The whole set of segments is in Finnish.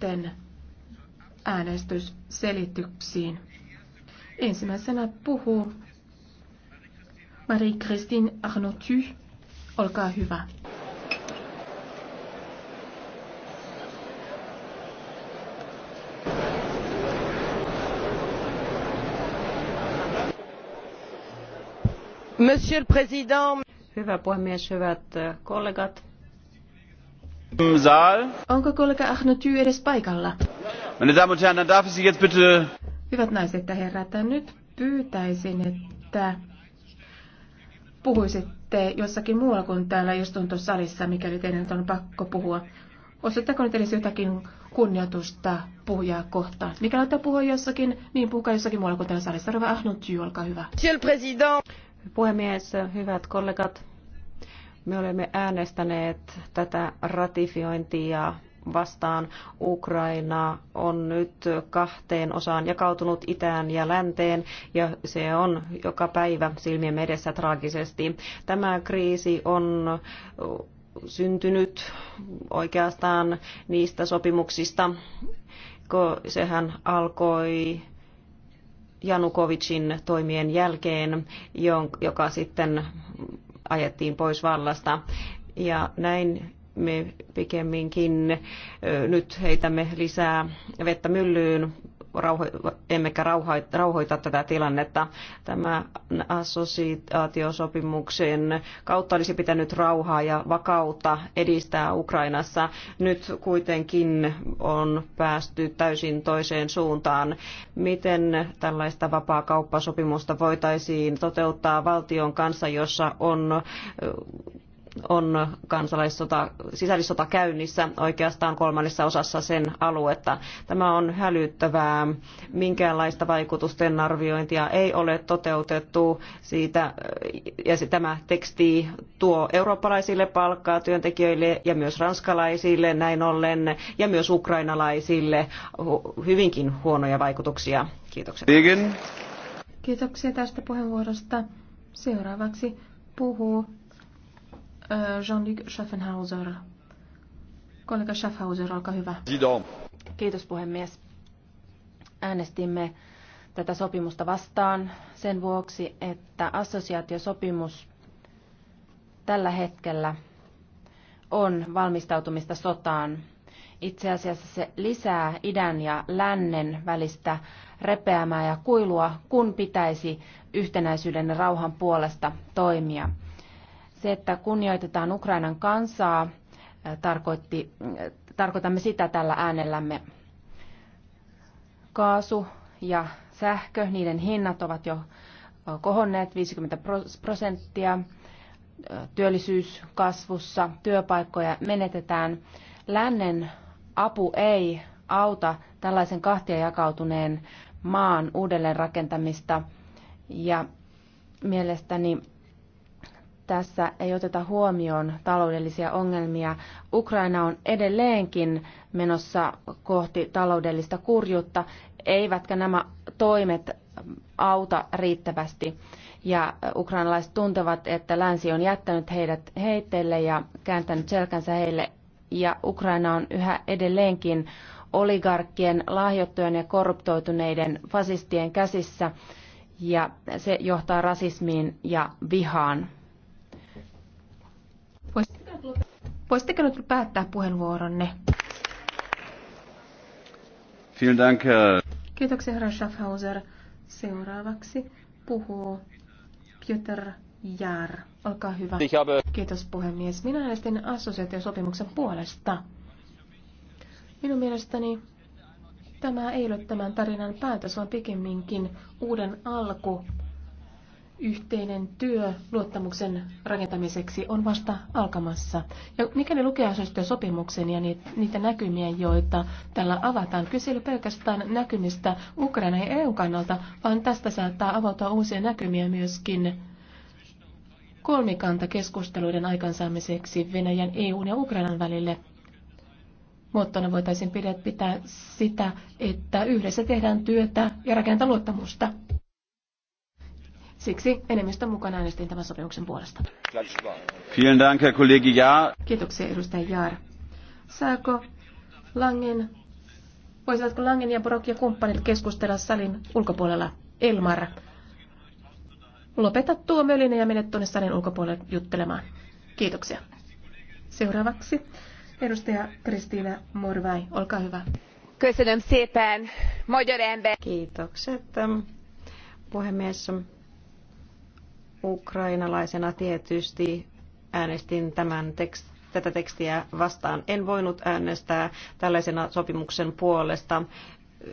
sitten äänestysselityksiin. Ensimmäisenä puhuu Marie-Christine Arnoty. Olkaa hyvä. Monsieur le Président, Hyvä puhemies, hyvät kollegat. Onko kollega Ahnoty edes paikalla? Meine Damen und Herren, darf ich Sie jetzt bitte... Hyvät naiset ja herrat, nyt pyytäisin, että puhuisitte jossakin muualla kuin täällä istuntosalissa, mikäli teidän on pakko puhua. Osoittako nyt edes jotakin kunnioitusta puhujaa kohtaan? Mikä laittaa puhua jossakin, niin puhukaa jossakin muualla kuin täällä salissa. Rova Ahnut, olkaa hyvä. Monsieur le Président. Puhemies, hyvät kollegat. Me olemme äänestäneet tätä ratifiointia vastaan. Ukraina on nyt kahteen osaan jakautunut itään ja länteen ja se on joka päivä silmien edessä traagisesti. Tämä kriisi on syntynyt oikeastaan niistä sopimuksista, kun sehän alkoi Janukovicin toimien jälkeen, joka sitten ajettiin pois vallasta. Ja näin me pikemminkin nyt heitämme lisää vettä myllyyn rauho- emmekä rauhoita tätä tilannetta. Tämä assosiaatiosopimuksen kautta olisi pitänyt rauhaa ja vakautta edistää Ukrainassa. Nyt kuitenkin on päästy täysin toiseen suuntaan. Miten tällaista vapaa kauppasopimusta voitaisiin toteuttaa valtion kanssa, jossa on on kansalaissota, sisällissota käynnissä oikeastaan kolmannessa osassa sen aluetta. Tämä on hälyttävää. Minkäänlaista vaikutusten arviointia ei ole toteutettu siitä, ja tämä teksti tuo eurooppalaisille palkkaa työntekijöille ja myös ranskalaisille näin ollen ja myös ukrainalaisille hyvinkin huonoja vaikutuksia. Kiitoksia. Kiitoksia tästä puheenvuorosta. Seuraavaksi puhuu Jean-Luc Schaffenhauser. Kollega Schaffhauser, olkaa hyvä. Kiitos puhemies. Äänestimme tätä sopimusta vastaan sen vuoksi, että assosiaatiosopimus tällä hetkellä on valmistautumista sotaan. Itse asiassa se lisää idän ja lännen välistä repeämää ja kuilua, kun pitäisi yhtenäisyyden ja rauhan puolesta toimia. Se, että kunnioitetaan Ukrainan kansaa, tarkoitti, tarkoitamme sitä tällä äänellämme. Kaasu ja sähkö, niiden hinnat ovat jo kohonneet 50 prosenttia. Työllisyys kasvussa, työpaikkoja menetetään. Lännen apu ei auta tällaisen kahtia jakautuneen maan uudelleenrakentamista. Ja mielestäni tässä ei oteta huomioon taloudellisia ongelmia. Ukraina on edelleenkin menossa kohti taloudellista kurjuutta, eivätkä nämä toimet auta riittävästi. Ja ukrainalaiset tuntevat, että länsi on jättänyt heidät heitteille ja kääntänyt selkänsä heille. Ja Ukraina on yhä edelleenkin oligarkkien, lahjoittujen ja korruptoituneiden fasistien käsissä. Ja se johtaa rasismiin ja vihaan. Voisitteko nyt päättää puheenvuoronne? Vielen Dank. Kiitoksia, herra Schaffhauser. Seuraavaksi puhuu Peter Jär. Olkaa hyvä. Kiitos puhemies. Minä äänestin assosiaatiosopimuksen puolesta. Minun mielestäni tämä ei ole tämän tarinan päätös, vaan pikemminkin uuden alku Yhteinen työ luottamuksen rakentamiseksi on vasta alkamassa. Ja mikäli lukee asioista sopimuksen ja niitä näkymiä, joita tällä avataan, kyse ei pelkästään näkymistä Ukraina ja EUn kannalta, vaan tästä saattaa avautua uusia näkymiä myöskin kolmikanta keskusteluiden aikansaamiseksi Venäjän, EUn ja Ukrainan välille. Muottona voitaisiin pitää sitä, että yhdessä tehdään työtä ja rakennetaan luottamusta. Siksi enemmistö mukana äänestin tämän sopimuksen puolesta. Kiitoksia edustaja Jaar. Saako Langen, voisivatko Langen ja Brok ja kumppanit keskustella salin ulkopuolella? Elmar, lopeta tuo mölinä ja mene tuonne salin ulkopuolelle juttelemaan. Kiitoksia. Seuraavaksi edustaja Kristiina Morvai, olkaa hyvä. Köszönöm szépen, magyar ember. Kiitokset, puhemies. Ukrainalaisena tietysti äänestin tämän tekst, tätä tekstiä vastaan. En voinut äänestää tällaisena sopimuksen puolesta,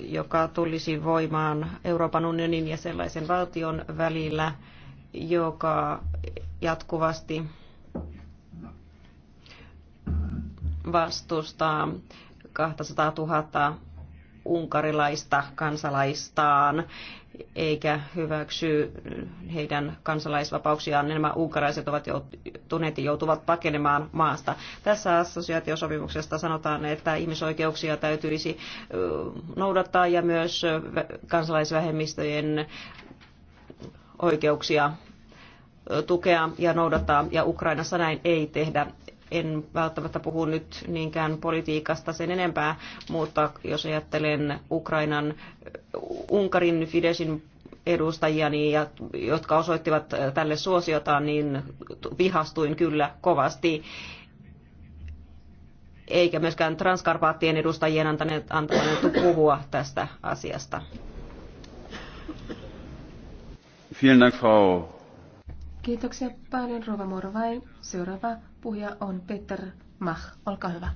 joka tulisi voimaan Euroopan unionin ja sellaisen valtion välillä, joka jatkuvasti vastustaa 200 000 unkarilaista kansalaistaan eikä hyväksy heidän kansalaisvapauksiaan. Nämä unkaraiset ovat joutuneet ja joutuvat pakenemaan maasta. Tässä assosiaatiosopimuksesta sanotaan, että ihmisoikeuksia täytyisi noudattaa ja myös kansalaisvähemmistöjen oikeuksia tukea ja noudattaa, ja Ukrainassa näin ei tehdä. En välttämättä puhu nyt niinkään politiikasta sen enempää, mutta jos ajattelen Ukrainan, äh, Unkarin, Fidesin edustajia, niin jotka osoittivat äh, tälle suosiota, niin vihastuin kyllä kovasti eikä myöskään transkarpaattien edustajien antaneet, antaneet puhua tästä asiasta. Vielen Kiitoksia paljon, Rova Morvai. Seuraava Puhuja on Peter Mach. Olkaa hyvä.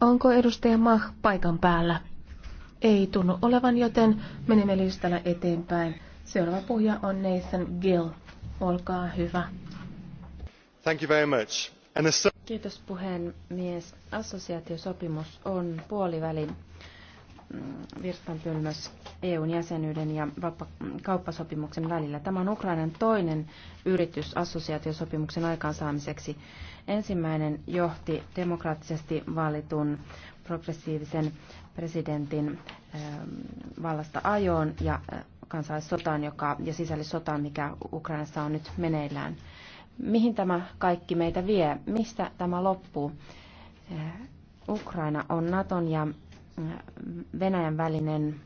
Onko edustaja Mach paikan päällä? Ei tunnu olevan, joten menemme listalla eteenpäin. Seuraava puhuja on Nathan Gill. Olkaa hyvä. Thank you very much. Kiitos puhemies. Assosiaatiosopimus on puolivälin Mm, virstanpylväs EUn jäsenyyden ja kauppasopimuksen välillä. Tämä on Ukrainan toinen yritys assosiaatiosopimuksen aikaansaamiseksi. Ensimmäinen johti demokraattisesti valitun progressiivisen presidentin ähm, vallasta ajoon ja äh, kansallissotaan joka, ja sisällissotaan, mikä Ukrainassa on nyt meneillään. Mihin tämä kaikki meitä vie? Mistä tämä loppuu? Äh, Ukraina on Naton ja Venäjän välinen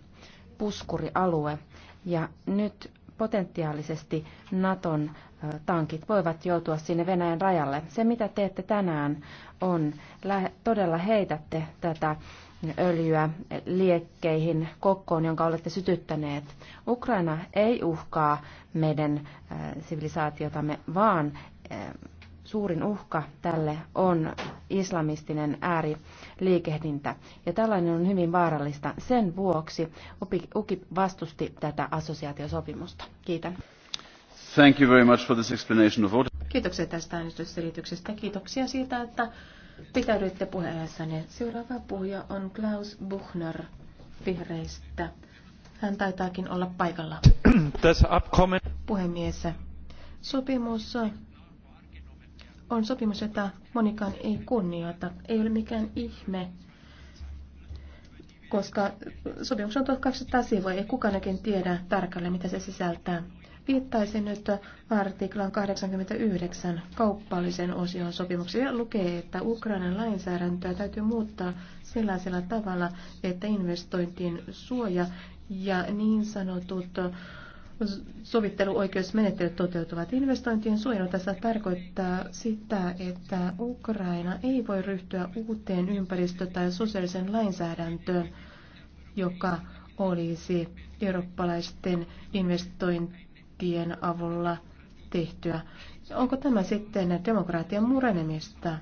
puskurialue ja nyt potentiaalisesti Naton tankit voivat joutua sinne Venäjän rajalle. Se, mitä teette tänään, on todella heitätte tätä öljyä liekkeihin, kokkoon, jonka olette sytyttäneet. Ukraina ei uhkaa meidän sivilisaatiotamme, vaan suurin uhka tälle on islamistinen ääriliikehdintä. Ja tällainen on hyvin vaarallista. Sen vuoksi UKIP vastusti tätä assosiaatiosopimusta. Kiitän. Thank you very much for this explanation of order. Kiitoksia tästä äänestysselityksestä. Kiitoksia siitä, että pitäydytte puheessanne. Seuraava puhuja on Klaus Buchner vihreistä. Hän taitaakin olla paikalla. Puhemies, sopimus on sopimus, jota monikaan ei kunnioita. Ei ole mikään ihme, koska sopimus on 1200 sivua, ei kukaankin tiedä tarkalleen, mitä se sisältää. Viittaisin nyt artiklan 89 kauppallisen osion sopimuksia. Lukee, että Ukrainan lainsäädäntöä täytyy muuttaa sellaisella tavalla, että investointiin suoja ja niin sanotut sovitteluoikeusmenettelyt toteutuvat. Investointien suojelu tässä tarkoittaa sitä, että Ukraina ei voi ryhtyä uuteen ympäristö- tai sosiaalisen lainsäädäntöön, joka olisi eurooppalaisten investointien avulla tehtyä. Onko tämä sitten demokratian murenemista?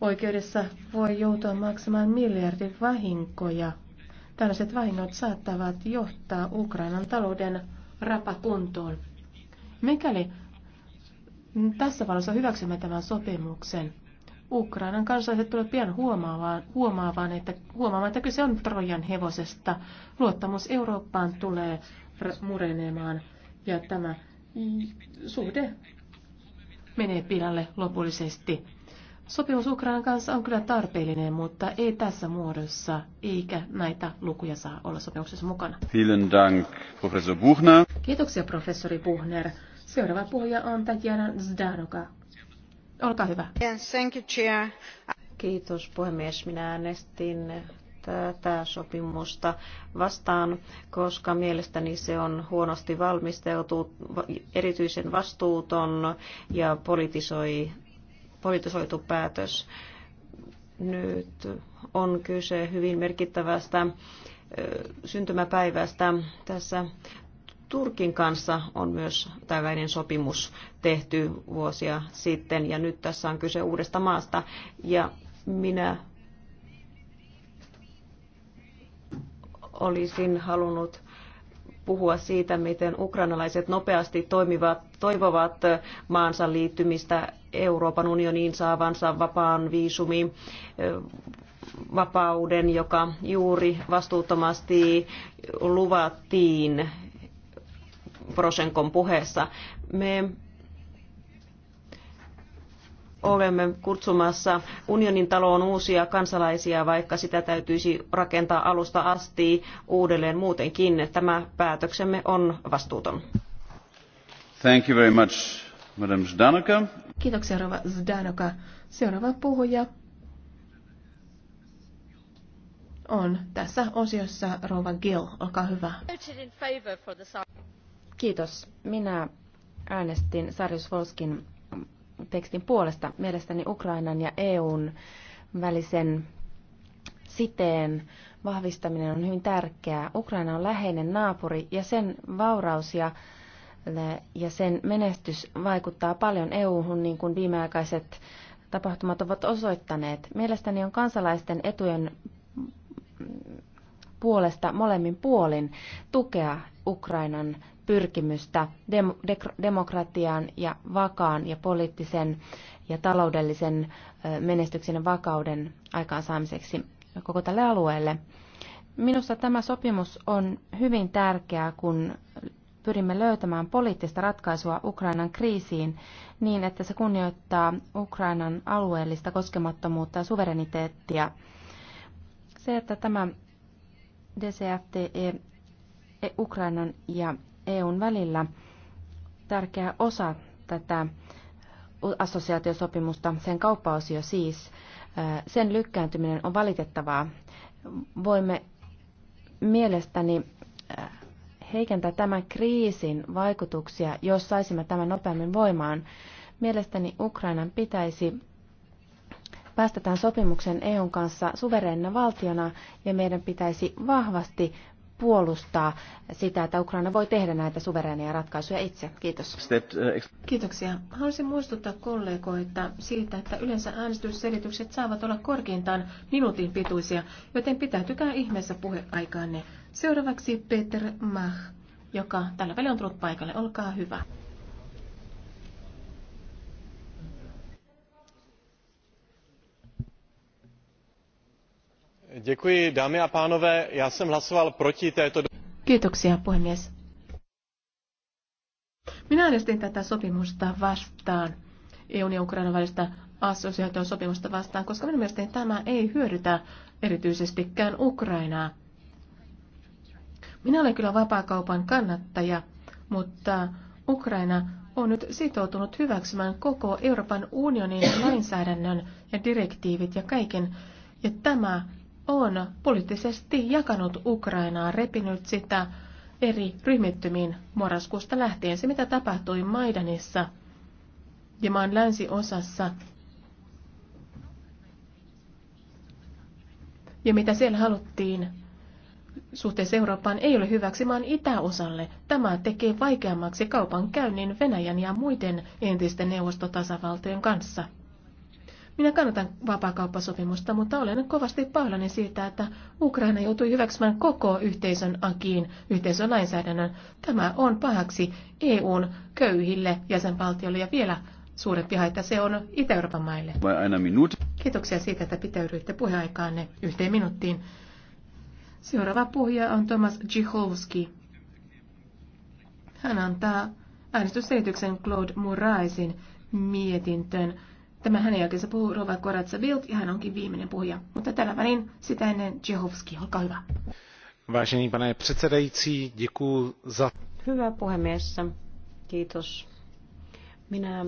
Oikeudessa voi joutua maksamaan miljardin vahinkoja Tällaiset vahingot saattavat johtaa Ukrainan talouden rapakuntoon. Mikäli tässä valossa hyväksymme tämän sopimuksen, Ukrainan kansalaiset tulevat pian huomaamaan, huomaamaan, että, huomaamaan, että kyse on Trojan hevosesta. Luottamus Eurooppaan tulee murenemaan ja tämä suhde menee pilalle lopullisesti. Sopimus Ukrainan kanssa on kyllä tarpeellinen, mutta ei tässä muodossa, eikä näitä lukuja saa olla sopimuksessa mukana. Vielen dank, professor Buchner. Kiitoksia, professori Buchner. Seuraava puhuja on Tatjana Zdanoka. Olkaa hyvä. Thank you, chair. Kiitos, puhemies. Minä äänestin tätä sopimusta vastaan, koska mielestäni se on huonosti valmisteltu, erityisen vastuuton ja politisoi politisoitu päätös. Nyt on kyse hyvin merkittävästä syntymäpäivästä. Tässä Turkin kanssa on myös tällainen sopimus tehty vuosia sitten ja nyt tässä on kyse uudesta maasta ja minä olisin halunnut puhua siitä, miten ukrainalaiset nopeasti toimivat, toivovat maansa liittymistä Euroopan unioniin saavansa vapaan viisumiin, vapauden, joka juuri vastuuttomasti luvattiin Prosenkon puheessa. Me olemme kutsumassa unionin taloon uusia kansalaisia, vaikka sitä täytyisi rakentaa alusta asti uudelleen muutenkin. Tämä päätöksemme on vastuuton. Thank you very much, Madam Zdanoka. Kiitoksia, Rova Zdanoka. Seuraava puhuja on tässä osiossa Rova Gill. Olkaa hyvä. Kiitos. Minä äänestin Sarius Volskin tekstin puolesta. Mielestäni Ukrainan ja EUn välisen siteen vahvistaminen on hyvin tärkeää. Ukraina on läheinen naapuri ja sen vauraus ja, ja sen menestys vaikuttaa paljon EU-hun, niin kuin viimeaikaiset tapahtumat ovat osoittaneet. Mielestäni on kansalaisten etujen puolesta molemmin puolin tukea Ukrainan pyrkimystä demokratiaan ja vakaan ja poliittisen ja taloudellisen menestyksen ja vakauden aikaansaamiseksi koko tälle alueelle. Minusta tämä sopimus on hyvin tärkeää, kun pyrimme löytämään poliittista ratkaisua Ukrainan kriisiin niin, että se kunnioittaa Ukrainan alueellista koskemattomuutta ja suvereniteettia. Se, että tämä DCFTE E- Ukrainan ja EUn välillä tärkeä osa tätä assosiaatiosopimusta, sen kauppaosio siis, sen lykkääntyminen on valitettavaa. Voimme mielestäni heikentää tämän kriisin vaikutuksia, jos saisimme tämän nopeammin voimaan. Mielestäni Ukrainan pitäisi päästä tämän sopimuksen EUn kanssa suvereenina valtiona ja meidän pitäisi vahvasti puolustaa sitä, että Ukraina voi tehdä näitä suvereenia ratkaisuja itse. Kiitos. Kiitoksia. Haluaisin muistuttaa kollegoita siitä, että yleensä äänestysselitykset saavat olla korkeintaan minuutin pituisia, joten pitäytykää ihmeessä puheaikaanne. Seuraavaksi Peter Mach, joka tällä välillä on tullut paikalle. Olkaa hyvä. já jsem hlasoval proti této. Kiitoksia puhemies. Minä äänestin tätä sopimusta vastaan, EUn ja Ukrainan välistä assosiaation sopimusta vastaan, koska minun mielestäni tämä ei hyödytä erityisestikään Ukrainaa. Minä olen kyllä vapaakaupan kannattaja, mutta Ukraina on nyt sitoutunut hyväksymään koko Euroopan unionin lainsäädännön ja direktiivit ja kaiken. Ja tämä on poliittisesti jakanut Ukrainaa, repinyt sitä eri ryhmittymiin marraskuusta lähtien. Se, mitä tapahtui Maidanissa ja maan länsiosassa ja mitä siellä haluttiin suhteessa Eurooppaan ei ole hyväksi maan itäosalle. Tämä tekee vaikeammaksi kaupan käynnin Venäjän ja muiden entisten neuvostotasavaltojen kanssa. Minä kannatan vapaakauppasopimusta, mutta olen kovasti pahoillani siitä, että Ukraina joutui hyväksymään koko yhteisön akiin, yhteisön lainsäädännön. Tämä on pahaksi EUn köyhille jäsenvaltioille ja vielä suurempi haitta se on Itä-Euroopan maille. Kiitoksia siitä, että pitäydyitte puheaikaanne yhteen minuuttiin. Seuraava puhuja on Thomas Jihovski. Hän antaa äänestysselityksen Claude Muraisin mietintön Tämä hänen jälkeensä puhuu Rova Koratsa Bild ja hän onkin viimeinen puhuja. Mutta tällä välin sitä ennen Jehovski, olkaa hyvä. Vážený pane předsedající, děkuji za... Hyvä puhemies, kiitos. Minä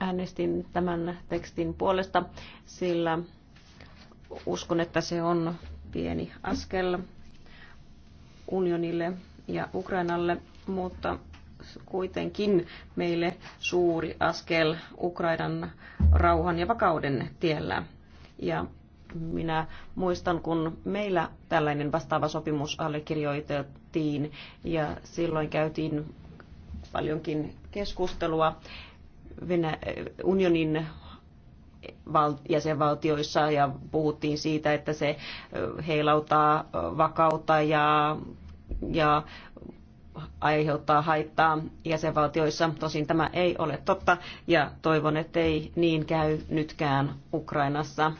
äänestin tämän tekstin puolesta, sillä uskon, että se on pieni askel unionille ja Ukrainalle, mutta kuitenkin meille suuri askel Ukrainan rauhan ja vakauden tiellä. Ja minä muistan, kun meillä tällainen vastaava sopimus allekirjoitettiin ja silloin käytiin paljonkin keskustelua Venä- unionin jäsenvaltioissa ja puhuttiin siitä, että se heilautaa vakautta ja, ja aiheuttaa haittaa jäsenvaltioissa. Tosin tämä ei ole totta ja toivon, ettei niin käy nytkään Ukrainassa,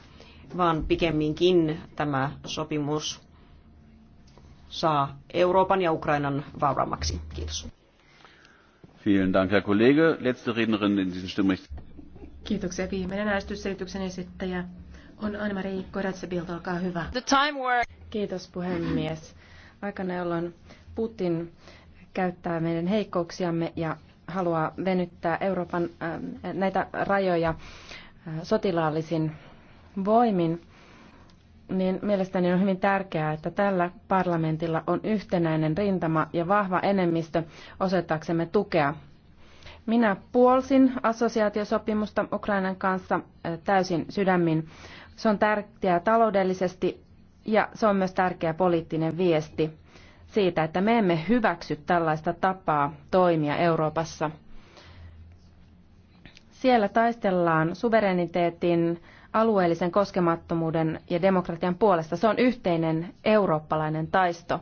vaan pikemminkin tämä sopimus saa Euroopan ja Ukrainan vauraammaksi. Kiitos. Vielen Dank, Herr Kollege. Letzte Rednerin in diesem Stimmrecht. Kiitoksia. Viimeinen äänestysselityksen esittäjä on Anne-Marie Koratsebilt. Olkaa hyvä. The time where... Kiitos puhemies. Aikana, jolloin Putin käyttää meidän heikkouksiamme ja haluaa venyttää Euroopan äh, näitä rajoja äh, sotilaallisin voimin, niin mielestäni on hyvin tärkeää, että tällä parlamentilla on yhtenäinen rintama ja vahva enemmistö osoittaaksemme tukea. Minä puolsin assosiaatiosopimusta Ukrainan kanssa äh, täysin sydämin. Se on tärkeää taloudellisesti ja se on myös tärkeä poliittinen viesti siitä, että me emme hyväksy tällaista tapaa toimia Euroopassa. Siellä taistellaan suvereniteetin, alueellisen koskemattomuuden ja demokratian puolesta. Se on yhteinen eurooppalainen taisto.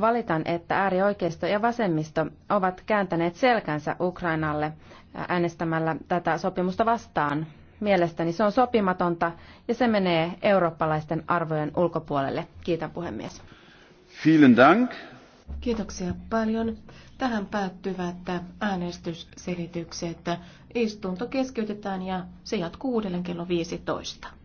Valitan, että äärioikeisto ja vasemmisto ovat kääntäneet selkänsä Ukrainalle äänestämällä tätä sopimusta vastaan. Mielestäni se on sopimatonta ja se menee eurooppalaisten arvojen ulkopuolelle. Kiitän puhemies. Vielen Dank. Kiitoksia paljon. Tähän päättyvät äänestysselitykset. Istunto keskeytetään ja se jatkuu uudelleen kello 15.